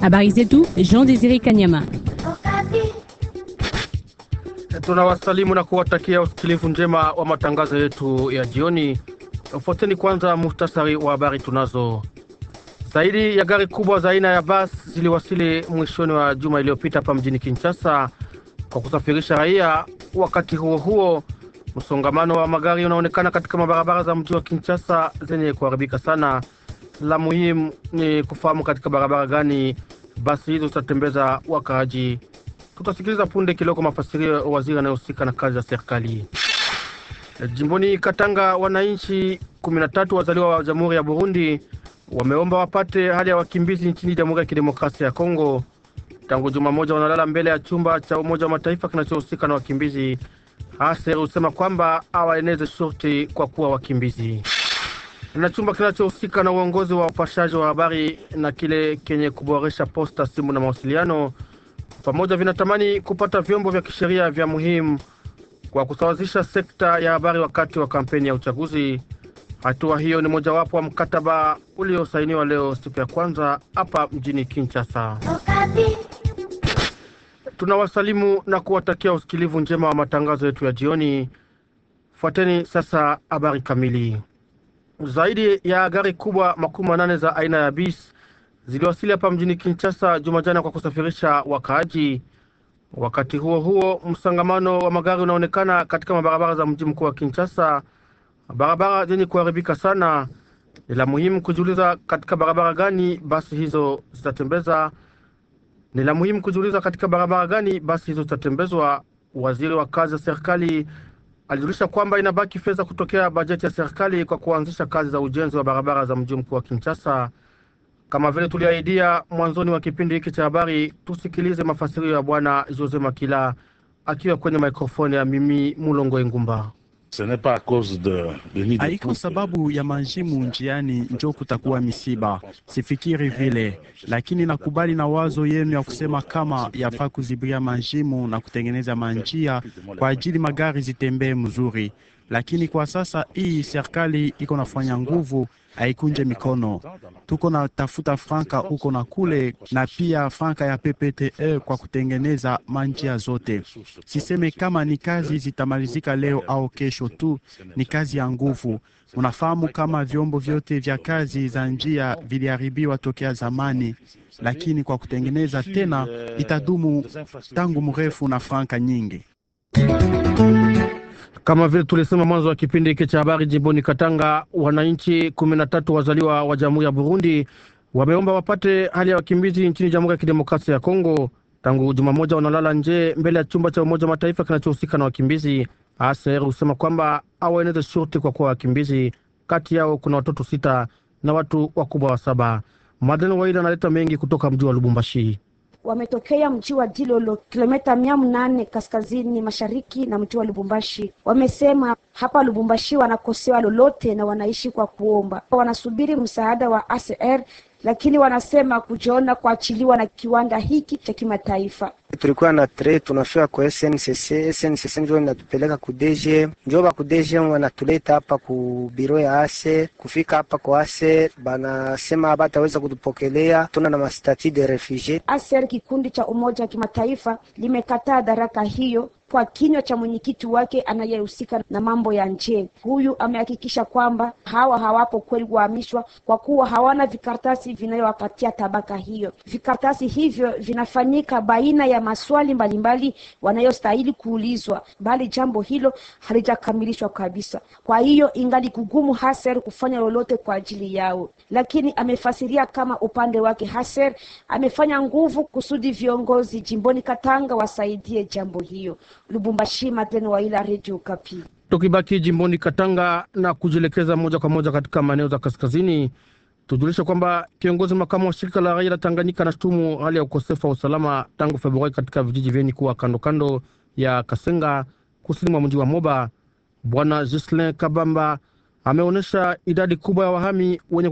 Habari zetu Jean Desire Kanyama. Tunawasalimu na kuwatakia usikilivu njema wa matangazo yetu ya jioni. Ufuateni kwanza muhtasari wa habari tunazo. Zaidi ya gari kubwa za aina ya bas ziliwasili mwishoni wa juma iliyopita hapa mjini Kinshasa kwa kusafirisha raia. Wakati huo huo, msongamano wa magari unaonekana katika mabarabara za mji wa Kinshasa zenye kuharibika sana. La muhimu ni kufahamu katika barabara gani basi hizo zitatembeza wakaaji. Tutasikiliza punde kiloko mafasirio ya waziri anayehusika na kazi za serikali jimboni Katanga. Wananchi 13 wazaliwa wa Jamhuri ya Burundi wameomba wapate hali ya wakimbizi nchini Jamhuri ya Kidemokrasia ya Kongo. Tangu juma moja wanalala mbele ya chumba cha Umoja wa Mataifa kinachohusika na wakimbizi. haser husema kwamba awaeneze shurti kwa kuwa wakimbizi na chumba kinachohusika na uongozi wa upashaji wa habari na kile kenye kuboresha posta, simu na mawasiliano pamoja vinatamani kupata vyombo vya kisheria vya muhimu kwa kusawazisha sekta ya habari wakati wa kampeni ya uchaguzi. Hatua hiyo ni mojawapo wa mkataba uliosainiwa leo siku ya kwanza hapa mjini Kinshasa. Tunawasalimu na kuwatakia usikilivu njema wa matangazo yetu ya jioni. Fuateni sasa habari kamili. Zaidi ya gari kubwa makumi manane za aina ya bis ziliwasili hapa mjini Kinshasa Jumajana kwa kusafirisha wakaaji. Wakati huo huo, msangamano wa magari unaonekana katika mabarabara za mji mkuu wa Kinshasa, barabara zenye kuharibika sana. Ni la muhimu kujiuliza katika barabara gani basi hizo zitatembeza, ni la muhimu kujiuliza katika barabara gani basi hizo zitatembezwa. Waziri wa kazi ya serikali alijulisha kwamba inabaki fedha kutokea bajeti ya serikali kwa kuanzisha kazi za ujenzi wa barabara za mji mkuu wa Kinshasa. Kama vile tuliahidia mwanzoni wa kipindi hiki cha habari, tusikilize mafasirio ya bwana Jose Makila akiwa kwenye mikrofoni ya mimi Mulongo Ngumba. Haiko sababu ya manjimu njiani njo kutakuwa misiba, sifikiri vile, lakini nakubali na wazo yenu ya kusema kama yafaa kuzibia manjimu na kutengeneza manjia kwa ajili magari zitembee mzuri lakini kwa sasa hii serikali iko nafanya nguvu, haikunje mikono. Tuko na tafuta franka huko na kule, na pia franka ya PPTE kwa kutengeneza manjia zote. Siseme kama ni kazi zitamalizika leo au kesho tu, ni kazi ya nguvu. Unafahamu kama vyombo vyote vya kazi za njia viliharibiwa tokea zamani, lakini kwa kutengeneza tena itadumu tangu mrefu na franka nyingi. Kama vile tulisema mwanzo wa kipindi hiki cha habari, jimboni Katanga, wananchi kumi na tatu wazaliwa wa Jamhuri ya Burundi wameomba wapate hali ya wakimbizi nchini Jamhuri ya Kidemokrasia ya Kongo. Tangu juma moja wanalala nje mbele ya chumba cha Umoja wa Mataifa kinachohusika na wakimbizi. ACR husema kwamba awaeneze shurti kwa kuwa wakimbizi, kati yao kuna watoto sita na watu wakubwa wa saba. Madeleine Waida analeta mengi kutoka mji wa Lubumbashi wametokea mji wa Dilolo, kilomita mia mnane kaskazini mashariki na mji wa Lubumbashi. Wamesema hapa Lubumbashi wanakosewa lolote na wanaishi kwa kuomba, wanasubiri msaada wa ACR lakini wanasema kujiona kuachiliwa na kiwanda hiki cha kimataifa. Tulikuwa na tre tunafika kwa SNCC, SNCC ndio inatupeleka ku DG, ndio ba ku DG wanatuleta hapa ku biro ya ase. Kufika hapa kwa ase banasema hapa ataweza kutupokelea, tuna na mastati de refugee. Aser, kikundi cha umoja wa kimataifa, limekataa daraka hiyo kwa kinywa cha mwenyekiti wake anayehusika na mambo ya nje. Huyu amehakikisha kwamba hawa hawapo kweli kuhamishwa, kwa kuwa hawana vikaratasi vinayowapatia tabaka hiyo. Vikaratasi hivyo vinafanyika baina ya maswali mbalimbali wanayostahili kuulizwa, bali jambo hilo halijakamilishwa kabisa. Kwa hiyo ingali kugumu Haser kufanya lolote kwa ajili yao, lakini amefasiria kama upande wake Haser amefanya nguvu kusudi viongozi jimboni Katanga wasaidie jambo hiyo. Lubumbashi, Mateno wa ila Radio Kapi. Tukibaki jimboni Katanga na kujielekeza moja kwa moja katika maeneo za kaskazini, tujulishe kwamba kiongozi makamu wa shirika la raia la Tanganyika anashutumu hali ya ukosefu wa usalama tangu Februari katika vijiji vyenye kuwa kando kando ya Kasenga, kusini mwa mji wa Moba. Bwana Jislin Kabamba ameonyesha idadi kubwa ya wahami wenye